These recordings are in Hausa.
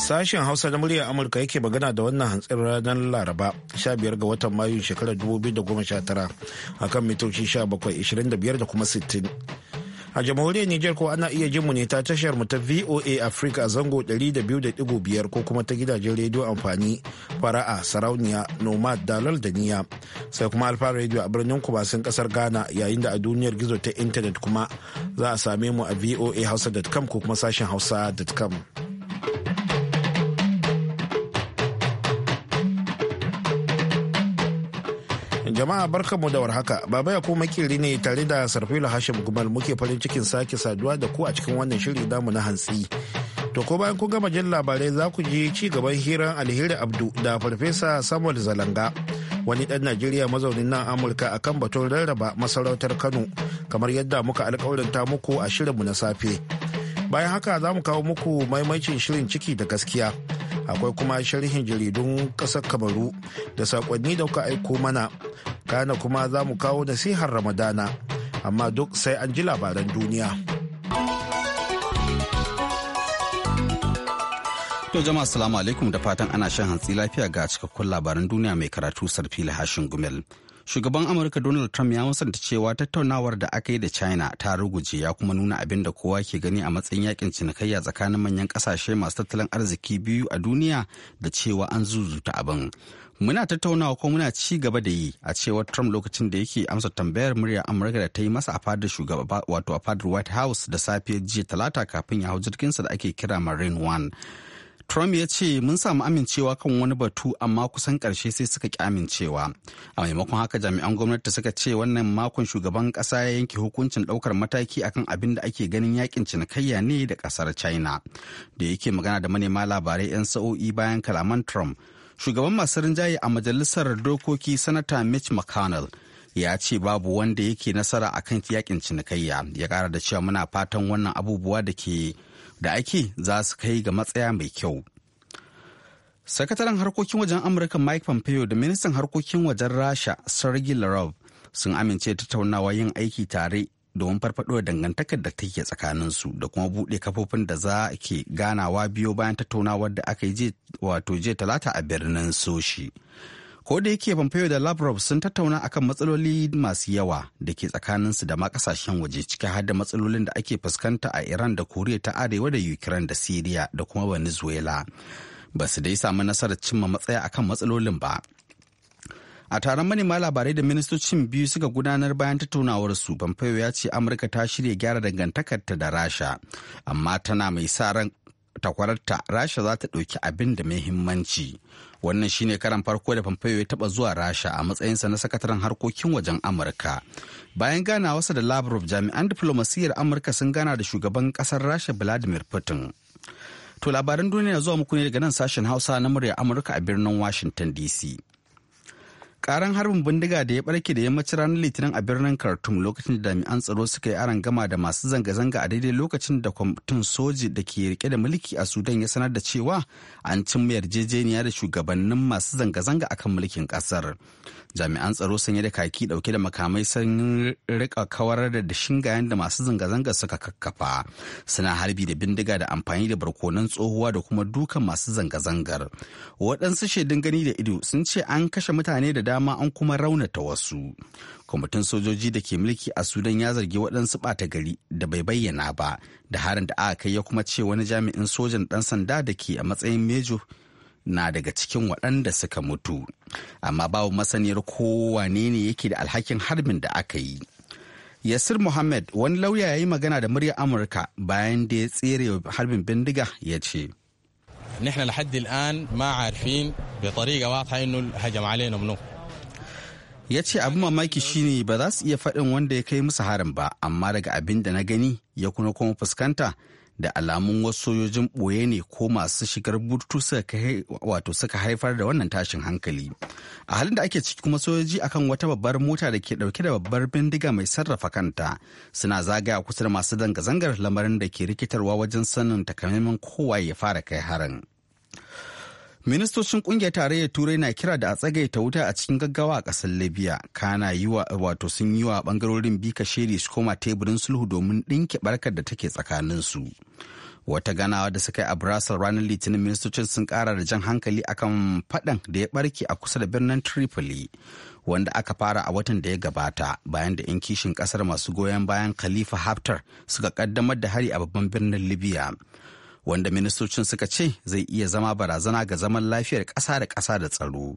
Sashen Hausa na muryar Amurka yake magana da wannan hantsin ranar Laraba 15 ga watan Mayu shekarar 2019 kan mitoci 1725 da kuma 60. A jamhuriyar Nijar ko ana iya jin mu ne ta tashar mu ta VOA Africa a zango 200.5 ko kuma ta gidajen rediyo amfani fara'a sarauniya nomad dalal da niya sai kuma alfa rediyo a birnin kubasin kasar Ghana yayin da a duniyar gizo ta intanet kuma za a same mu a VOA hausa.com ko kuma sashen hausa.com. Jama'a barkanmu da warhaka. Baba ya kuma kiri ne tare da Sarfila Hashim Gumal muke farin cikin sake saduwa da ku a cikin wannan shiri damu na hantsi. To ko bayan kun gama jin labarai za ku je ci gaban hirar Alheri Abdu da Farfesa Samuel Zalanga. Wani dan Najeriya mazaunin nan Amurka akan batun rarraba masarautar Kano kamar yadda muka alkawarinta muku a shirinmu na safe. Bayan haka za mu kawo muku maimaicin shirin ciki da gaskiya. akwai kuma sharhin jaridun ƙasar kamaru da saƙonni da kuka aiko mana kana kuma za mu kawo nasihar ramadana amma duk sai an ji labaran duniya To jama'a assalamu alaikum da fatan ana shan hantsi lafiya ga cikakkun labaran duniya mai karatu sarfila hashin gumel. shugaban amurka donald trump ya musanta cewa tattaunawar da aka yi da china ta ruguje ya kuma nuna abin da kowa ke gani a matsayin yakin cinikayya tsakanin manyan kasashe masu tattalin arziki biyu a duniya da cewa an zuzuta abin muna tattaunawa ko muna ci gaba da yi a cewar trump lokacin da yake amsa tambayar murya amurka da ta yi masa a fadar shugaba wato a fadar white house da safiyar jiya talata kafin ya hau jirginsa da ake kira marine one Trump ya ce mun samu amincewa kan wani batu amma kusan karshe sai suka ƙi amincewa. A maimakon haka jami'an gwamnati suka ce wannan makon shugaban kasa ya yanke hukuncin ɗaukar mataki akan abin da ake ganin yakin cinikayya ne da ƙasar China. Da yake magana da manema labarai 'yan sa'o'i bayan kalaman Trump. Shugaban masu rinjaye a majalisar dokoki Sanata Mitch McConnell ya ce babu wanda yake nasara akan yakin cinikayya ya ƙara da cewa muna fatan wannan abubuwa da ke da ake za su kai ga matsaya mai kyau sakataren harkokin wajen amurka mike pompeo da ministan harkokin wajen rasha sergei lavrov sun amince tattaunawa yin aiki tare domin farfaɗo da dangantakar da take tsakaninsu da kuma buɗe kafofin da za ke ganawa biyo bayan tattaunawar da aka yi wato jiya talata a birnin soshi ko da yake pompeo da lavrov sun tattauna akan matsaloli masu yawa da ke tsakaninsu da ma kasashen waje ciki har da matsalolin da ake fuskanta a iran da koriya ta arewa da ukraine da syria da kuma venezuela ba su dai samu nasarar cimma matsaya akan matsalolin ba a taron manema labarai da ministocin biyu suka gudanar bayan tattaunawar su pompeo ya ce amurka ta shirya gyara dangantakarta da rasha amma tana mai sa ran takwararta rasha za ta ɗauki abin da muhimmanci wannan shine karan farko da pompeo ya taɓa zuwa rasha a matsayinsa na sakataren harkokin wajen amurka bayan gana wasa da lavrov jami'an diflomasiyyar amurka sun gana da shugaban ƙasar rasha vladimir putin To labaran duniya zuwa muku ne daga nan sashen Hausa na muryar Amurka a birnin Washington DC. Karan harbin bindiga da ya barke da yammacin ranar Litinin a birnin Khartoum lokacin da jami'an tsaro suka yi aron gama da masu zanga-zanga a daidai lokacin da kwamitin soji da ke rike da mulki a Sudan ya sanar da cewa an cimma yarjejeniya da shugabannin masu zanga-zanga akan mulkin kasar. jami'an tsaro sanye da kaki dauke da makamai sun rika kawar da shingayen da masu zanga-zanga suka kakkafa suna harbi da bindiga da amfani da barkonan tsohuwa da kuma dukan masu zanga-zangar waɗansu shaidun gani da ido sun ce an kashe mutane da dama an kuma raunata wasu kwamitin sojoji da ke mulki a sudan ya zargi waɗansu ɓata gari da bai bayyana ba da harin da aka kai ya kuma ce wani jami'in sojan ɗan sanda da ke a matsayin mejo na daga cikin waɗanda suka mutu amma babu masaniyar kowane ne yake da alhakin harbin da aka yi yasir mohammed wani lauya ya yi magana da muryar amurka bayan da ya tsere harbin bindiga ya ce ya ce abin mamaki shine ba za su iya faɗin wanda ya kai musu harin ba amma daga abin da na gani ya kuna kuma fuskanta da alamun wasu sojojin ɓoye ne ko masu shigar burtu wato suka haifar da wannan tashin hankali a halin da ake ciki kuma sojoji akan wata babbar mota da ke ɗauke da babbar bindiga mai sarrafa kanta suna zagaya kusa da masu zanga-zangar lamarin da ke rikitarwa wajen sanin takamaiman kowa ya fara kai harin ministocin kungiyar tarayyar turai na kira da a tsagaita wuta a cikin gaggawa a ƙasar libya kana yi wa wato sun yi wa bangarorin bika shiri su koma teburin sulhu domin ɗinke barkar da take tsakaninsu wata ganawa da suka yi a brasel ranar litinin ministocin sun kara da jan hankali akan faɗan da ya barke a kusa da birnin tripoli wanda aka fara a watan da ya gabata bayan da 'yan kishin kasar masu goyon bayan khalifa haftar suka kaddamar da hari a babban birnin libya wanda ministocin suka ce zai iya zama barazana ga zaman lafiyar ƙasa da ƙasa da tsaro.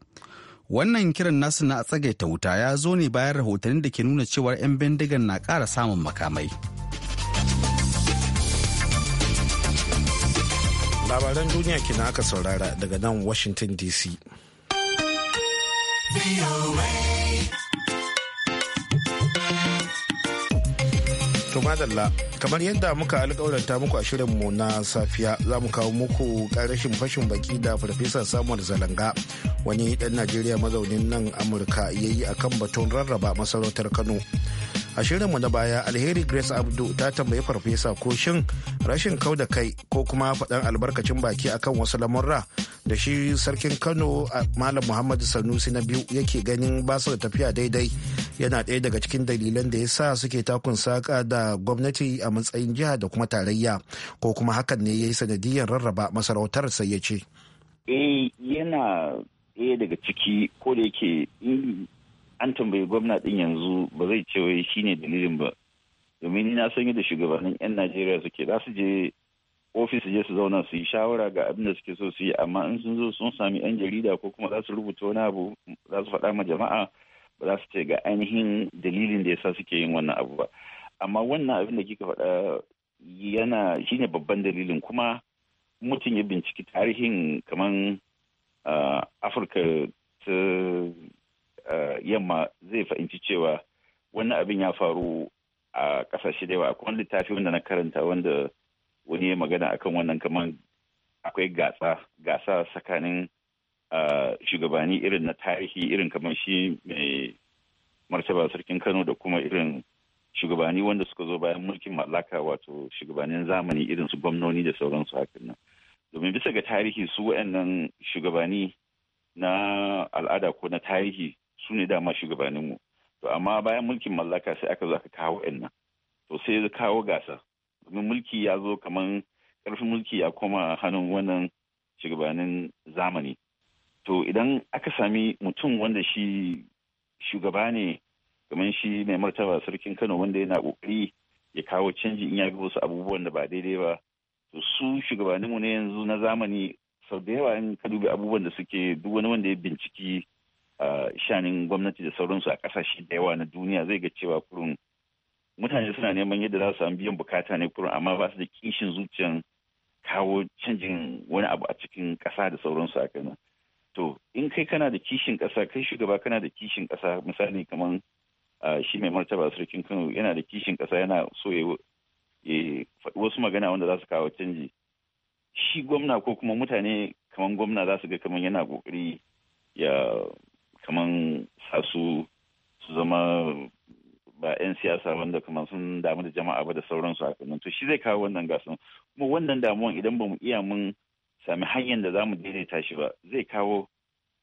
Wannan kiran nasu na tsagaita wuta ya zo ne bayan rahotanni da ke nuna cewar 'yan bindigan na ƙara samun makamai. Labaran duniya kina aka saurara daga nan Washington DC. To madalla kamar yadda muka alƙawarta muku a shirin mu na safiya za mu kawo muku ƙarashin fashin baki da farfesa samuwar zalanga wani ɗan najeriya mazaunin nan amurka ya yi a kan batun rarraba masarautar kano a shirinmu na baya alheri grace abdu ta tambayi farfesa ko shin rashin kau da kai ko kuma faɗan albarkacin baki akan wasu lamurra da shi sarkin kano malam muhammadu sanusi na biyu yake ganin ba su tafiya daidai yana ɗaya daga cikin dalilan da ya sa suke takun saƙa da gwamnati a matsayin jiha da kuma tarayya ko kuma hakan ne ya yi sanadiyar rarraba masarautar sai ya ce eh yana ɗaya daga ciki ko da yake mm, an tambayi gwamna din yanzu ba zai ce wai shine dalilin ba domin na san yadda shugabannin 'yan najeriya suke za su je ofis je su zauna su yi shawara ga abin da suke so su yi amma in sun zo sun sami 'yan jarida ko kuma za su rubuta wani abu za su faɗa ma jama'a ba za su ce ga ainihin dalilin da yasa suke yin wannan abu ba amma wannan abin da kika faɗa yana shine babban dalilin kuma mutum ya binciki tarihin kamar ah, afirka ta Eh, yamma zai fahimci cewa wannan abin ya faru a kasashe da yawa akwai wani littafi wanda na karanta wanda wani ya magana akan wannan kamar akwai gasa gasa tsakanin eh, shugabanni irin na tarihi irin kamar shi mai martaba sarkin kano da kuma irin shugabanni wanda suka zo bayan mulkin mallaka wato shugabannin zamani irin su gwamnoni da sauransu hakan nan domin bisa ga tarihi su wa'annan shugabanni na al'ada ko na tarihi su ne dama shugabanninmu to amma bayan mulkin mallaka sai aka zo aka kawo 'yan nan to sai ya kawo gasa domin mulki ya zo kamar karfin mulki ya koma hannun wannan shugabannin zamani to idan aka sami mutum wanda shi shugaba ne kamar shi mai martaba sarkin kano wanda yana kokari ya kawo canji in ya ga wasu abubuwan da ba daidai ba to su shugabanninmu ne yanzu na zamani sau da yawa in ka dubi abubuwan da suke duk wani wanda ya binciki shanin gwamnati da sauransu a kasashe da yawa na duniya zai ga cewa kurun mutane suna neman yadda za su samu biyan bukata ne kurun amma ba su da kishin zuciyan kawo canjin wani abu a cikin kasa da sauransu a kana to in kai kana da kishin ƙasa kai shugaba kana da kishin kasa misali kamar shi mai martaba sarkin kano yana da kishin ƙasa yana so ya faɗi wasu magana wanda za su kawo canji shi gwamna ko kuma mutane kamar gwamna za su ga kamar yana kokari ya kaman sa su su zama ba 'yan siyasa wanda kamar sun damu da jama'a ba da sauransu haka nan to shi zai kawo wannan gasan kuma wannan damuwan idan bamu iya mun sami hanyar da zamu mu daidaita shi ba zai kawo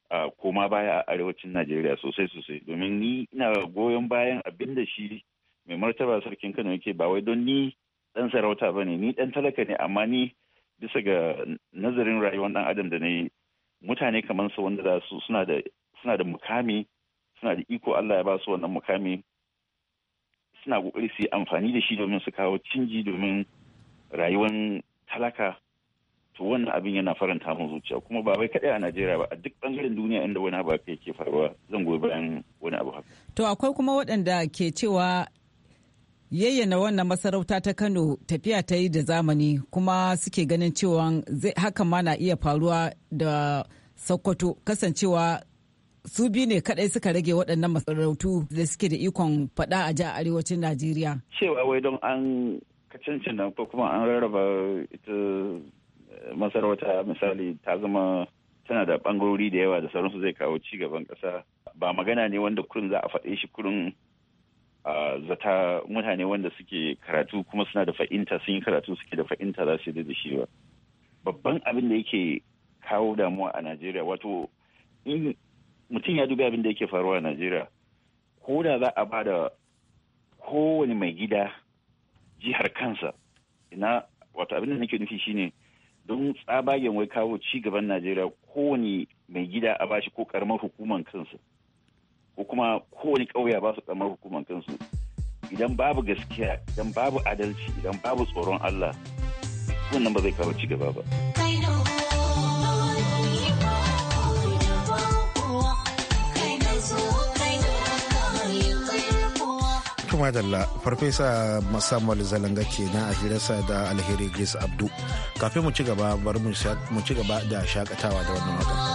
a koma baya a arewacin najeriya sosai sosai domin ni ina goyon bayan abin da shi mai martaba sarkin kano yake ba wai don ni dan sarauta ba ne ni dan talaka ne amma ni bisa ga nazarin rayuwar dan adam da na yi mutane kamar su wanda suna da suna da mukami suna da iko Allah ya ba su wannan mukami suna kokari su yi amfani da shi domin su kawo cinji domin rayuwar talaka to wannan abin yana faranta mu zuciya kuma ba wai kadai a Najeriya ba a duk bangaren duniya inda wani abu haka yake faruwa zan goyi bayan wani abu haka to akwai kuma waɗanda ke cewa yayyana wannan masarauta ta Kano tafiya ta yi da zamani kuma suke ganin cewa hakan ma na iya faruwa da Sokoto kasancewa su biyu ne kadai suka rage waɗannan masarautu da suke da ikon faɗa a ja arewacin najeriya cewa wai don an kacancin nan ko kuma an rarraba ita eh, masarauta misali ta zama tana da bangarori da yawa da sauransu zai kawo ci gaban ƙasa ba magana ne wanda kurin za a faɗe shi kurin zata mutane wanda suke karatu kuma suna da fa'inta sun yi karatu suke da fa'inta za su yi da shi ba babban abin da yake kawo damuwa a najeriya wato mutum ya dubi abin da yake faruwa a najeriya ko da za a bada kowane mai gida jihar kansa ina wato abin da nake nufi shine don tsabagen wai kawo ci gaban najeriya kowane mai gida a bashi ko karamar hukuman kansa ko kuma kowane ƙauye ba su karamar hukuman kansu idan babu gaskiya idan babu adalci idan babu tsoron allah wannan ba zai kawo ci gaba ba. dalla farfesa samuel zalanga na a hirarsa da alheri grace abdu kafin mu ci gaba bari mu ci gaba da shakatawa da wannan wata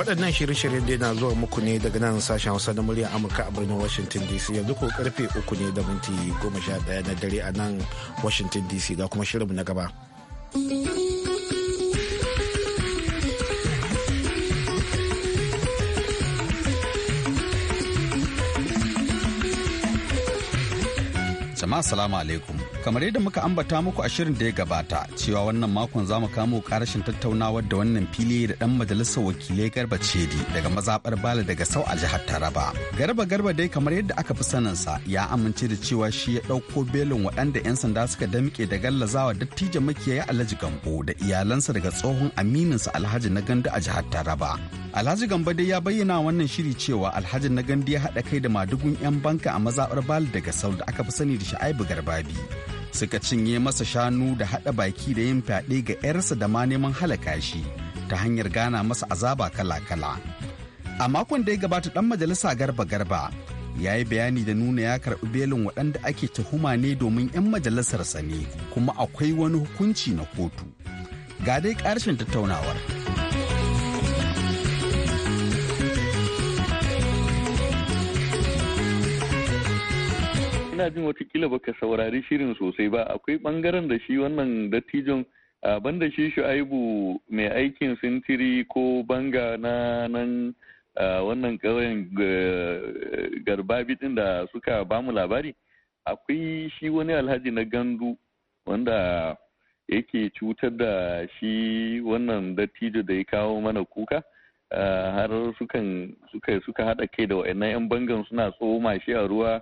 waɗannan shirye-shiryen da na zuwa muku ne daga nan sashen hausa na muryar amurka a birnin washington dc yanzu ko karfe uku ne da minti goma sha ɗaya na dare a nan washington dc da kuma shirinmu na gaba jama'a salamu alaikum kamar yadda muka ambata muku a shirin da ya gabata cewa wannan makon za mu kamo karashin tattaunawar da wannan fili da dan majalisar wakilai garba cedi daga mazabar bala daga sau a jihar taraba garba garba dai kamar yadda aka fi saninsa ya amince da cewa shi ya ɗauko belin waɗanda 'yan sanda suka damƙe da gallazawa dattijan makiyaya alhaji gambo da iyalansa daga tsohon amininsa alhaji na gandu a jihar taraba alhaji gambo dai ya bayyana wannan shiri cewa alhaji na gandu ya haɗa kai da madugun 'yan banka a mazabar bala daga sau da aka fi sani da sha'ibu garbabi suka cinye masa shanu da haɗa baki da yin fyaɗe ga 'yarsa da ma neman halaka shi ta hanyar gana masa azaba kala-kala. A makon da ya gabata ɗan majalisa garba-garba ya yi bayani da nuna ya karɓi belin waɗanda ake tuhuma ne domin 'yan majalisarsa ne kuma akwai wani hukunci na kotu. Ga dai ƙarshen tattaunawar. ina jin watakila baka saurari shirin sosai ba akwai bangaren da shi wannan dattijon banda shi shu'aibu mai aikin sintiri ko banga na nan wannan ƙauyen garbabi din da suka bamu labari akwai shi wani alhaji na gandu wanda yake cutar da shi wannan dattijo da ya kawo mana kuka har suka haɗa kai da wa'annan 'yan bangan suna tsoma shi a ruwa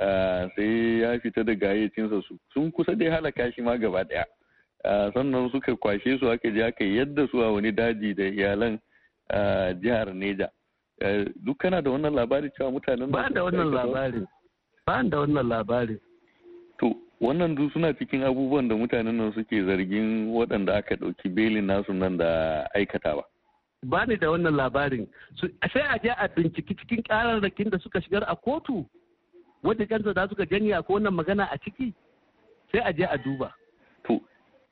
Eh, sai ya fita daga hayyacinsa su sun kusa dai halaka shi ma gaba daya eh, sannan suka kwashe su aka je aka yadda su a wani daji da iyalan eh, jihar neja duk kana da wannan labari cewa mutanen ba da wannan labari ba da wannan labari to wannan duk suna cikin abubuwan da mutanen nan suke zargin waɗanda aka ɗauki belin nasu nan da aikatawa ba ni da wannan labarin sai a je a binciki cikin ƙararrakin da suka shigar a kotu wadda kansa da suka janya ko wannan magana a ciki sai a je a duba to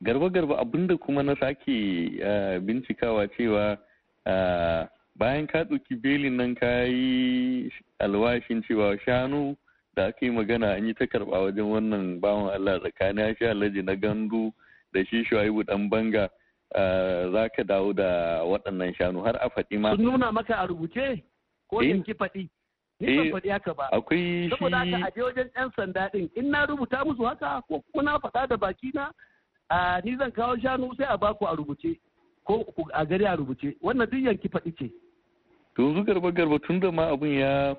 garba garba abinda kuma na sake eh, bincikawa cewa eh, bayan ka ɗauki belin nan ka yi alwashin cewa shanu da aka yi magana an yi ta karɓa wajen wannan bawan Allah tsakanin shi alhaji na gandu da shi shuaibu dan banga eh, za ka dawo da waɗannan shanu har a faɗi ma. Sun nuna maka a rubuce ko in ki faɗi? ni ban eh, faɗi haka ba akwai saboda haka a je wajen yan sanda ɗin in na rubuta musu haka ko kuna faɗa da baki na a ni zan kawo shanu sai a baku a rubuce ko a gari a rubuce wannan duk yanki faɗi ce to zu garba garba tun da ma abin ya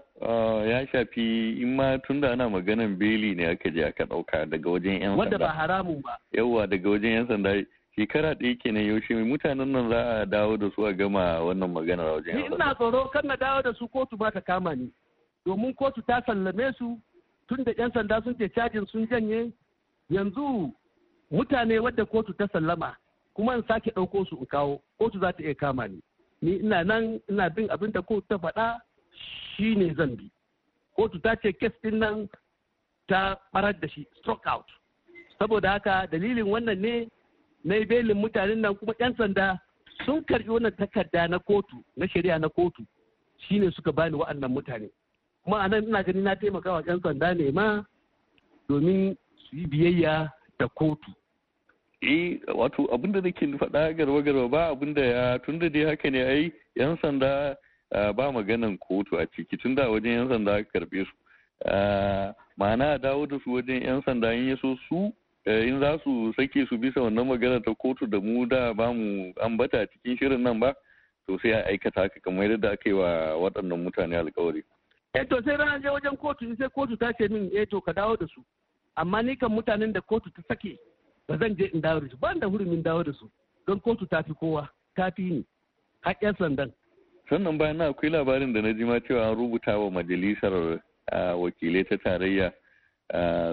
ya shafi in ma tun da ana maganan beli ne aka je aka ɗauka daga wajen yan sanda wanda ba haramun ba yawa daga wajen yan sanda shekara ɗaya kenan yaushe mai mutanen nan za a dawo da su a gama wannan maganar wajen yan sanda ina tsoro kan na dawo da su kotu ba ta kama ni domin kotu ta sallame su tun da 'yan sanda sun ce cajin sun janye yanzu mutane wadda kotu ta sallama kuma in sake ɗauko su in kawo kotu za ta iya kama ni ni ina nan ina bin abin da kotu ta faɗa shi ne zan bi kotu ta ce kes ɗin nan ta ɓarar da shi stroke out saboda haka dalilin wannan ne na belin mutanen nan kuma 'yan sanda sun karɓi wannan takarda na kotu na shari'a na kotu shine suka bani wa'annan mutane kuma a ina gani na taimaka wa 'yan sanda ne ma domin su yi biyayya da kotu eh wato abinda nake faɗa garba garba ba abinda ya tunda dai haka ne ai yan sanda ba maganan kotu a ciki tunda wajen yan sanda aka karbe su ma'ana a dawo da su wajen yan sanda in yaso su in za su sake su bisa wannan magana ta kotu da mu da ba mu ambata cikin shirin nan ba to sai a aikata haka kamar yadda aka yi wa waɗannan mutane alkawari eh to sai ranar je wajen kotu sai kotu ta ce min eh to ka dawo da su amma ni kan mutanen da kotu ta sake ba zan je in dawo da su ban da hurumin dawo da su don kotu ta fi kowa ta fi ni sandan sannan bayan na akwai labarin da na ji ma cewa an rubuta wa majalisar wakilai ta tarayya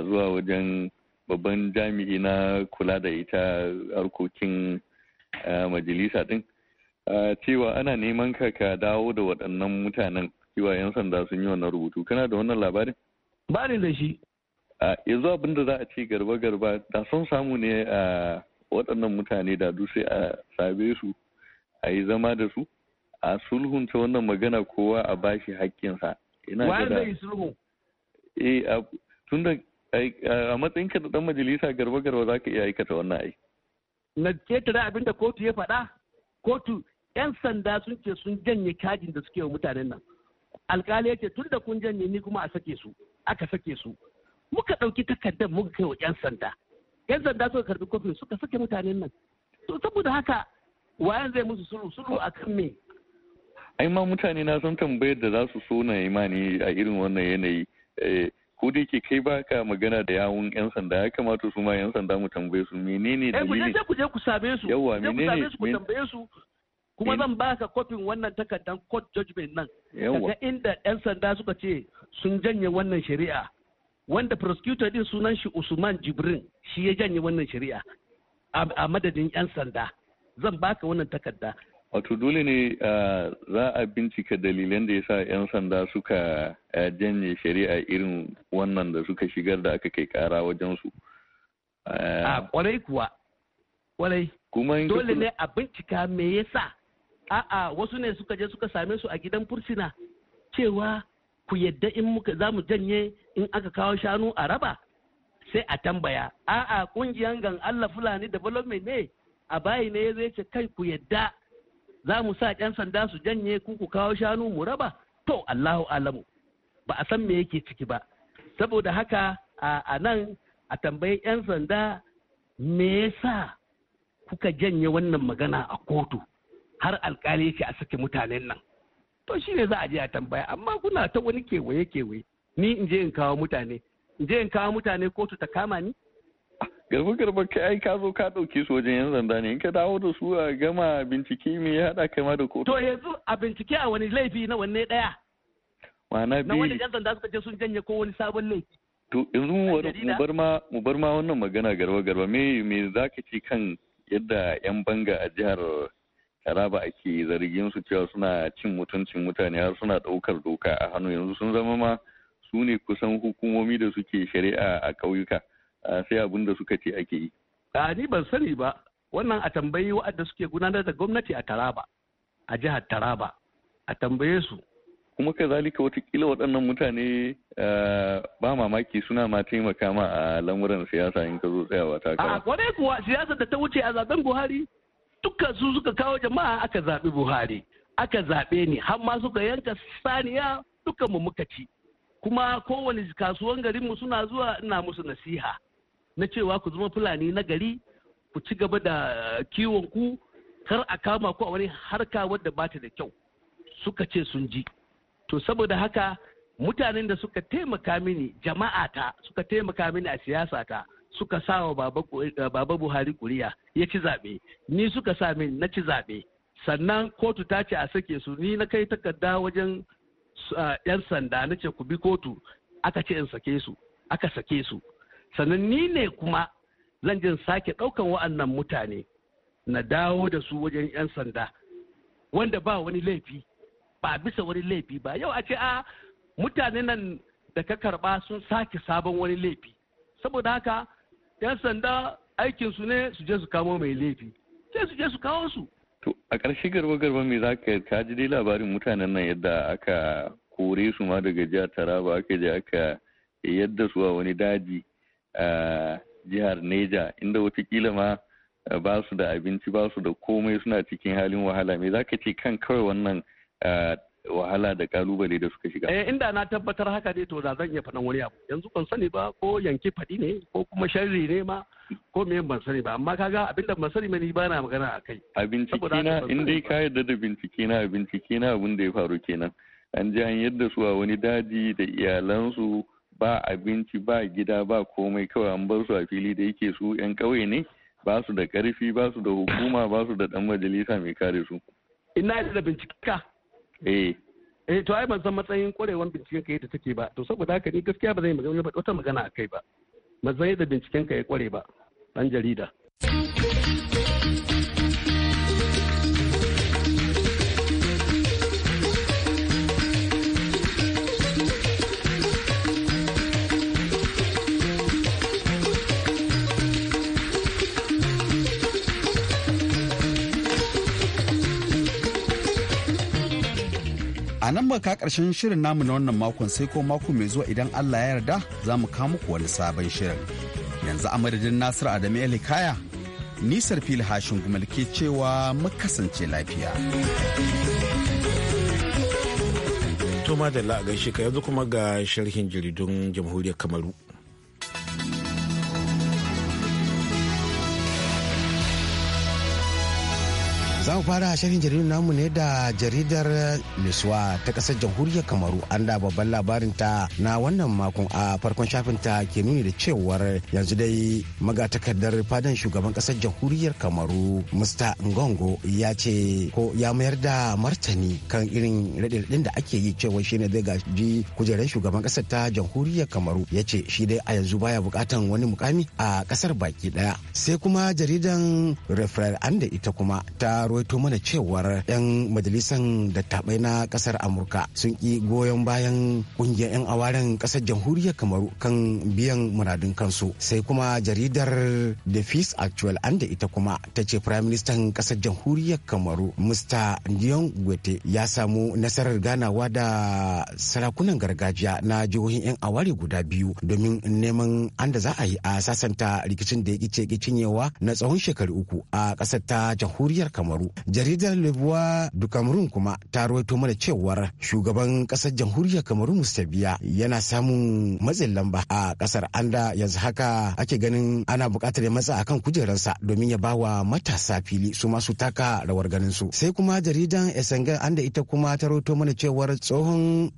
zuwa wajen babban jami'i na kula da ita harkokin majalisa din cewa ana neman ka ka dawo da waɗannan mutanen cewa 'yan sanda sun yi wannan rubutu kana da wannan labarin ba ni da shi a yanzu abin da za a ce garba garba da sun samu ne a waɗannan mutane da duk sai a sabe su a yi zama da su a sulhunta wannan magana kowa a bashi haƙƙinsa ina ga da sulhu eh a a matsayinka da dan majalisa garba garba za ka iya aikata wannan ai na ketare abin da kotu ya faɗa kotu 'yan sanda sun ce sun janye kajin da suke wa mutanen nan alkali ya ce tun da kun janye ni kuma a sake su aka sake su muka ɗauki takardar muka kai wa 'yan sanda 'yan sanda suka karbi kofin suka sake mutanen nan to saboda haka wayan zai musu sulu sulu a kan me ai ma mutane na san tambayar da za su so na imani a irin wannan yanayi eh, ko da yake kai baka magana da yawun yan sanda ya kamata su ma yan sanda mu tambaye su menene eh, dalili ne ku je ku same su yawa menene ku tambaye su kuma eh. zan baka kofin wannan takardar court judgment nan daga inda 'yan sanda suka ce sun janye wannan shari'a wanda prosecutor din sunan shi usman jibrin shi ya janye wannan shari'a a madadin 'yan sanda zan baka wannan takarda wato dole ne za a bincika dalilan da ya sa 'yan sanda suka janye shari'a irin wannan da suka shigar da aka kai kara wajensu a kwarai kuwa kwarai kuma dole ne a bincika me yasa a'a wasu ne suka je suka same su a gidan fursina cewa ku yadda in muka za mu janye in aka kawo shanu a raba sai a tambaya a'a kungiyan gan Allah Fulani da development ne a bayi ne zai ce kai ku yadda za mu sa ƴan sanda su janye ku ku kawo shanu mu raba to Allahu alamu ba a san me yake ciki ba saboda haka a nan a tambayi 'yan sanda me yasa kuka janye wannan magana a kotu har alkali yake a sake mutanen nan to shine za a je a tambaya amma kuna ta wani kewaye kewaye ni in je in kawo mutane in je in kawo mutane kotu ta kama ni garba garba kai ai ka zo ka dauke su wajen yan zanda ne in ka dawo da su a gama bincike me ya hada kai ma da kotu to yanzu a bincike a wani laifi na wanne daya ma'ana na wanda yan zanda suka je sun janye ko wani sabon laifi to yanzu mu bar ma mu bar ma wannan magana garba garba me me zaka ce kan yadda yan banga a jihar taraba ake zargin su cewa suna cin mutuncin mutane har suna daukar doka a hannu yanzu sun zama ma su ne kusan hukumomi da suke shari'a a ƙauyuka sai abin da suka ce ake yi. A ni ban sani ba wannan a tambayi wa'adda suke gudanar da gwamnati a Taraba a jihar Taraba a tambaye su. Kuma kazalika watakila waɗannan mutane ba mamaki suna ma taimaka ma a lamuran siyasa in ka zo tsayawa takara. A kwarai kuwa siyasar da ta wuce a zaben Buhari dukkan su suka kawo jama'a aka zaɓi buhari aka zaɓe ni har ma suka yanka saniya dukkan mu muka ci kuma kowane kasuwan garin mu suna zuwa ina musu nasiha na cewa ku zama fulani na gari ku ci gaba da kiwon ku kar a kama ku a wani harka wadda ba ta da kyau suka ce sun ji to saboda haka mutanen da suka taimaka mini jama'ata suka taimaka mini a siyasa ta. suka sa wa eh, baba buhari kuriya ya ci zaɓe ni suka sa min na ci zaɓe sannan kotu ta ce a sake su ni na kai takarda wajen yan sanda na ce ku bi kotu aka ce in sake su aka sake su sannan ni ne kuma zan jin sake ɗaukan wa'annan mutane na dawo da su wajen yan sanda wanda ba wani laifi ba bisa wani laifi ba yau a ce a ah, mutane nan da ka karɓa sun sake sabon wani laifi saboda haka yan sanda aikin su ne su je su kamo mai laifi sai su je su kawo su to a ƙarshe garba garba me za ka ji dai labarin mutanen nan yadda aka kore su ma daga jihar Taraba aka je aka yadda su a wani daji a jihar Neja inda watakila ma eh, ba su da abinci ba su da komai suna cikin halin wahala me ka ce kan kawai wannan eh, wahala da kalubale da suka shiga. Eh inda na tabbatar haka dai to da zan iya faɗan wani abu. Yanzu ban sani ba ko yanke faɗi ne ko kuma sharri ne ma ko me ban sani ba amma kaga abinda ban sani mani ba magana a kai. A na in dai ka yarda da bincike na bincike na abin da ya faru kenan. An ji an yadda su a wani daji da iyalansu ba abinci ba gida ba komai kawai an bar su a fili da yake su 'yan ƙauye ne ba su da ƙarfi ba su da hukuma ba su da ɗan majalisa mai kare su. Ina da bincika Eh. eh to ai ban san matsayin kwarewar binciken ka yadda take ba to saboda haka ni gaskiya ba zai magana wata magana a kai ba ban san yadda binciken ka ya kware ba dan jarida a nan ka karshen shirin namu na wannan makon sai ko mako mai zuwa idan allah ya yarda za mu kawo muku wani sabon shirin yanzu a madadin nasiru adamu elikaya nisar fili hashin gumal cewa mu kasance lafiya to da a shi ka yanzu kuma ga sharhin jaridun jamhuriyar kamaru za mu fara shirin jaridar namu ne da jaridar liswa ta kasar jamhuriyar kamaru an da babban labarin ta na wannan makon a farkon shafin ta ke nuni da cewar yanzu dai magatakardar fadan shugaban kasar jamhuriyar kamaru mr ngongo ya ce ko ya mayar da martani kan irin raɗaɗin da ake yi cewa ne zai gaji kujerar shugaban kasar ta jamhuriyar kamaru ya ce shi dai a yanzu baya bukatan wani mukami a kasar baki ɗaya sai kuma jaridan refrain an da ita kuma ta ruwaito mana cewar 'yan majalisar dattabai na kasar amurka sun ki goyon bayan kungiyar 'yan awaren kasar jamhuriyar kamaru kan biyan muradun kansu sai kuma jaridar the peace actual an da ita kuma ta ce prime minister kasar jamhuriyar kamaru mr dion gwete ya samu nasarar ganawa da sarakunan gargajiya na jihohin 'yan awari guda biyu domin neman an da za a yi a sasanta rikicin da ya ƙi cinyewa na tsawon shekaru uku a ƙasar ta jamhuriyar kamaru faru jaridar lebuwa du cameroon kuma ta ruwaito mana cewar shugaban kasar jamhuriyar cameroon biya yana samun matsin lamba a kasar anda yanzu haka ake ganin ana bukatar ya matsa akan kujerarsa domin ya bawa matasa fili su masu taka rawar ganin su sai kuma jaridan an anda ita kuma ta ruwaito mana cewar tsohon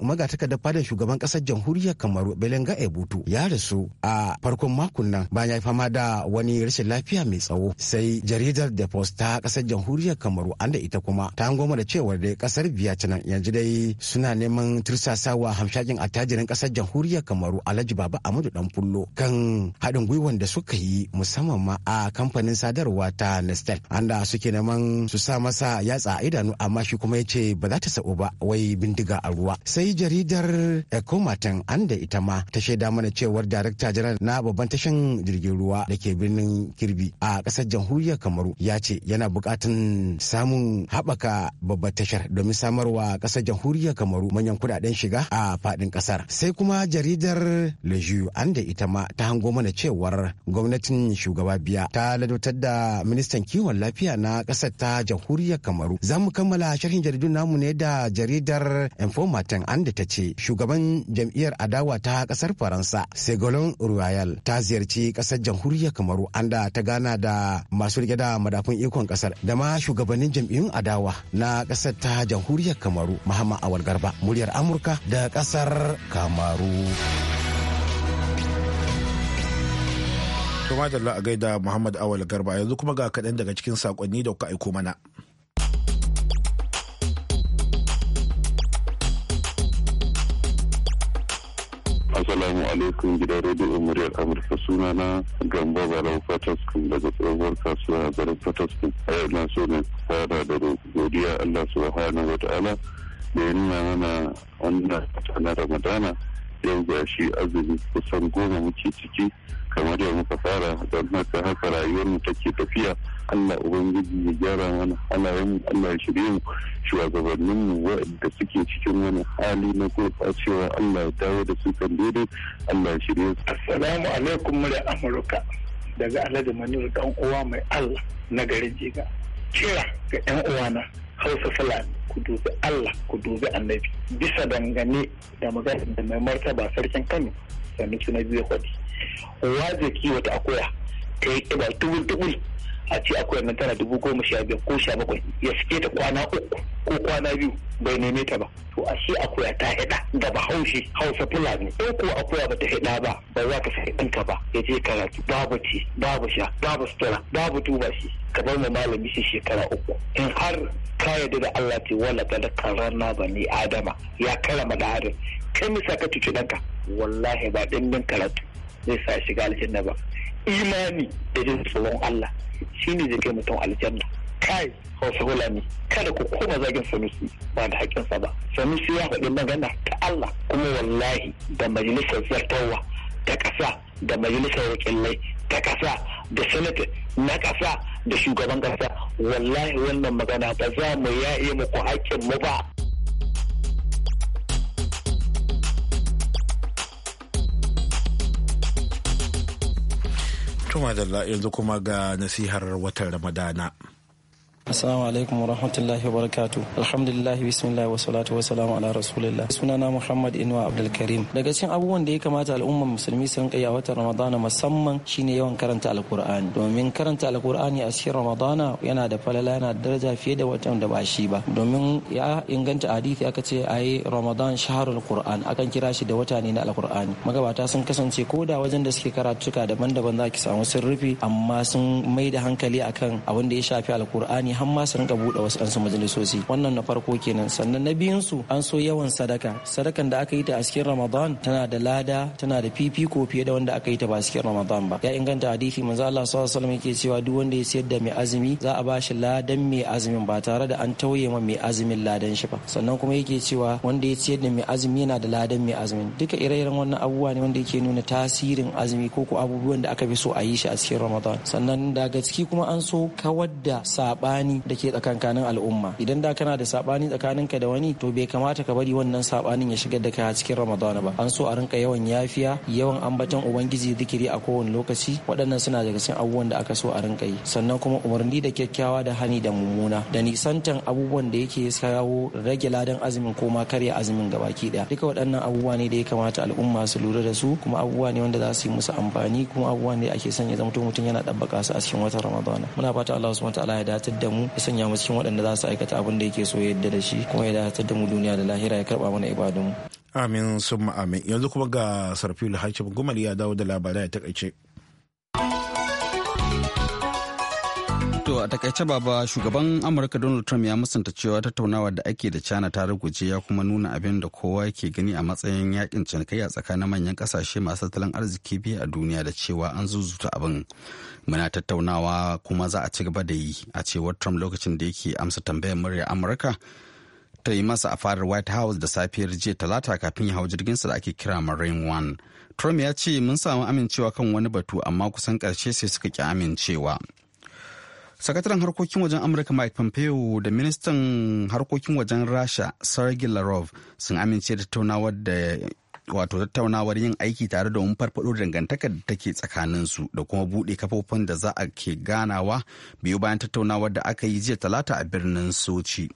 da fadar shugaban kasar jamhuriyar kamaru belenga ebutu ya rasu a farkon makon nan bayan ya fama da wani rashin lafiya mai tsawo sai jaridar the post ta kasar jamhuriyar jamhuriyar kamaru an da ita kuma ta hango da cewar dai kasar biya nan yanzu dai suna neman tursasawa hamshakin attajirin kasar jamhuriyar kamaru alhaji baba amadu dan fullo kan haɗin gwiwan da suka yi musamman ma a kamfanin sadarwa ta nestel an da suke neman su sa masa yatsa a idanu amma shi kuma ya ce ba za ta sabo ba wai bindiga a ruwa sai jaridar ecomatin an da ita ma ta shaida mana cewar darakta janar na babban tashin jirgin ruwa da ke birnin kirbi a kasar jamhuriyar kamaru ya ce yana bukatan samun haɓaka babbar tashar domin samarwa ƙasar jamhuriyar kamaru manyan kudaden shiga a faɗin ƙasar sai kuma jaridar lejiyu an da ita ma ta hango mana cewar gwamnatin shugaba biya ta ladautar da ministan kiwon lafiya na ƙasar ta jamhuriyar kamaru za mu kammala sharhin jaridun namu ne da jaridar informatin an da ta ce shugaban jam'iyyar adawa ta ƙasar faransa segolon royal ta ziyarci ƙasar jamhuriyar kamaru an da ta gana da masu rike da madafun ikon ƙasar da ma shugabannin jam'iyyun adawa na ƙasar ta jamhuriyar kamaru muhammad awal garba muryar amurka da ƙasar kamaru kuma da a gaida muhammad awal garba yanzu kuma ga kaɗan daga cikin saƙonni da kuka aiko mana Assalamu alaikum gidan rediyo muryar Amurka suna na Gambo Barau Fataskun daga tsohuwar kasuwa garin Fataskun. A yau na so na fara da godiya Allah subhanahu wa ta'ala da ya nuna mana wannan na Ramadana sai ga shi azumi kusan goma muke ciki kamar yau muka fara don haka haka rayuwar mu take tafiya Allah ubangiji ya gyara mana halayen mu Allah ya shirye mu shugabannin mu waɗanda suke cikin wani hali na cewa Allah ya dawo da su kan daidai Allah ya shirye su assalamu alaikum mu amurka daga alhaji manir dan uwa mai Allah na garin jiga kira ga yan uwana tausasa ku dubi Allah ku dubi annabi bisa dangane da magana da mai martaba sarkin Kano sami na biyu kwadi waje kiwo ta akuya ta yi kiba tubul tubul a ce akwai nan tana dubu goma sha biyar ko sha bakwai ya suke ta kwana uku ko kwana biyu bai neme ta ba to a ashe akuya ta hida da haushi. hausa fulani in ko akuya ba ta hida ba ba za ka sai ɗanka ba ya je karatu babu ci babu sha babu sutura babu tuba shi ka bar mu malami shi shekara uku in har ka yarda da Allah ce wala kada ba ni adama ya karama da harin kai misa ka cuci ɗanka wallahi ba ɗin karatu zai sa shiga aljanna ba imani da jin tsoron Allah shine zai kai mutum aljanna kai wasu hulani kada ku koma zagin sanusi ba da haƙƙinsa ba sanusi ya faɗi magana ta Allah kuma wallahi da majalisar zartarwa ta ƙasa da majalisar wakilai ta ƙasa da sanata na ƙasa da shugaban ƙasa wallahi wannan magana ba za mu yaye muku haƙƙin mu ba. Tuma da yanzu kuma ga nasihar watan Ramadana. Assalamu alaikum wa rahmatullahi wa barakatu. Alhamdulillah bismillah wa salatu wa salamu ala rasulillah. Sunana Muhammad Inuwa Abdulkarim. Daga cikin abubuwan da ya kamata al'ummar musulmi su kai a watan Ramadana musamman shine yawan karanta Alkur'ani. Domin karanta Alkur'ani a cikin Ramadana yana da falala yana da daraja fiye da watan da ba shi ba. Domin ya inganta hadisi aka ce ayi Ramadan shaharul Qur'an akan kira shi da wata ne na Alkur'ani. Magabata sun kasance ko da wajen da suke karatuka daban-daban za ki samu sun rufe amma sun mai da hankali akan abin da ya shafi Alkur'ani har ma su rinka buɗe wasu ansu majalisoci wannan na farko kenan sannan na biyun su an so yawan sadaka sadakan da aka yi ta a cikin ramadan tana da lada tana da fifi ko fiye da wanda aka yi ta ba cikin ramadan ba ya inganta hadisi manzo Allah sallallahu alaihi wasallam yake cewa duk wanda ya sayar da mai azumi za a ba shi ladan mai azumin ba tare da an tauye ma mai azumin ladan shi ba sannan kuma yake cewa wanda ya siyar da mai azumi yana da ladan mai azumin duka ire-iren wannan abubuwa ne wanda yake nuna tasirin azumi ko ko abubuwan da aka fi so a yi shi a cikin ramadan sannan daga ciki kuma an so kawar da saɓani sabani da ke tsakankanin al'umma idan da kana da sabani ka da wani to bai kamata ka bari wannan sabanin ya shigar da kai a cikin ramadana ba an so a rinka yawan yafiya yawan ambaton ubangiji zikiri a kowane lokaci waɗannan suna daga cikin abubuwan da aka so a rinka yi sannan kuma umarni da kyakkyawa da hani da mummuna da nisantan abubuwan da yake kawo rage ladan azumin ko ma karya azumin gabaki daya duka waɗannan abubuwa ne da ya kamata al'umma su lura da su kuma abubuwa ne wanda za su yi musu amfani kuma abubuwa ne ake son ya zamto mutum yana ɗabbaka su a cikin watan ramadana muna fata Allah subhanahu wa ta'ala ya dace da mu ya sanya mu cikin waɗanda za su aikata abin da yake so ya yadda da shi kuma ya dace da mu duniya da lahira ya karɓa mana ibadun mu amin sun amin yanzu kuma ga sarfil hakim gumal ya dawo da labarai ya takaice a takaice baba shugaban Amurka Donald Trump ya musanta cewa tattaunawa da ake da China ta ruguje ya kuma nuna abin da kowa ke gani a matsayin yakin cinikayya tsakanin manyan kasashe masu tattalin arziki biyu a duniya da cewa an zuzuta abin. Muna tattaunawa kuma za a ci gaba da yi a cewar Trump lokacin da yake amsa tambayar murya Amurka ta yi masa a fadar White House da safiyar jiya talata kafin ya hau sa da ake kira Marine One. Trump ya ce mun samu amincewa kan wani batu amma kusan ƙarshe sai suka ƙi amincewa. sakataren harkokin wajen amurka mike pompeo da ministan harkokin wajen rasha sergei larov sun amince da tattaunawar da wato tattaunawar yin aiki tare da wani farfado dangantakar da take su da kuma buɗe kafofin da za a ke ganawa biyu bayan tattaunawar da aka yi jiya talata a birnin sochi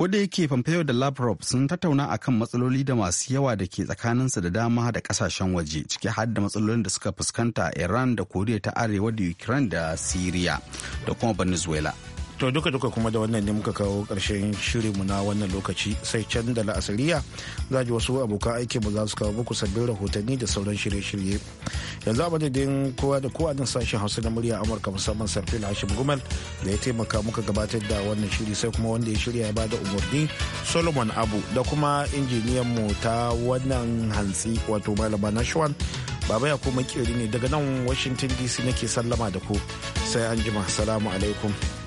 ko da yake pompeo da lavrov sun tattauna akan matsaloli da masu yawa da ke tsakaninsu da dama da kasashen waje ciki har da matsalolin da suka fuskanta iran da koriya ta arewa da ukraine da syria da kuma venezuela to duka duka kuma da wannan ne muka kawo karshen shirin mu na wannan lokaci sai can da la'asariya za ji wasu abokan aikinmu za su kawo muku sabbin rahotanni da sauran shirye-shirye yanzu a madadin kowa da kowa din sashen hausa na murya amurka musamman sarfil hashim gumal da ya taimaka muka gabatar da wannan shiri sai kuma wanda ya shirya ya bada umarni solomon abu da kuma injiniyan mu ta wannan hantsi wato malama nashwan baba ya kuma ne daga nan washington dc nake sallama da ku sai an jima salamu alaikum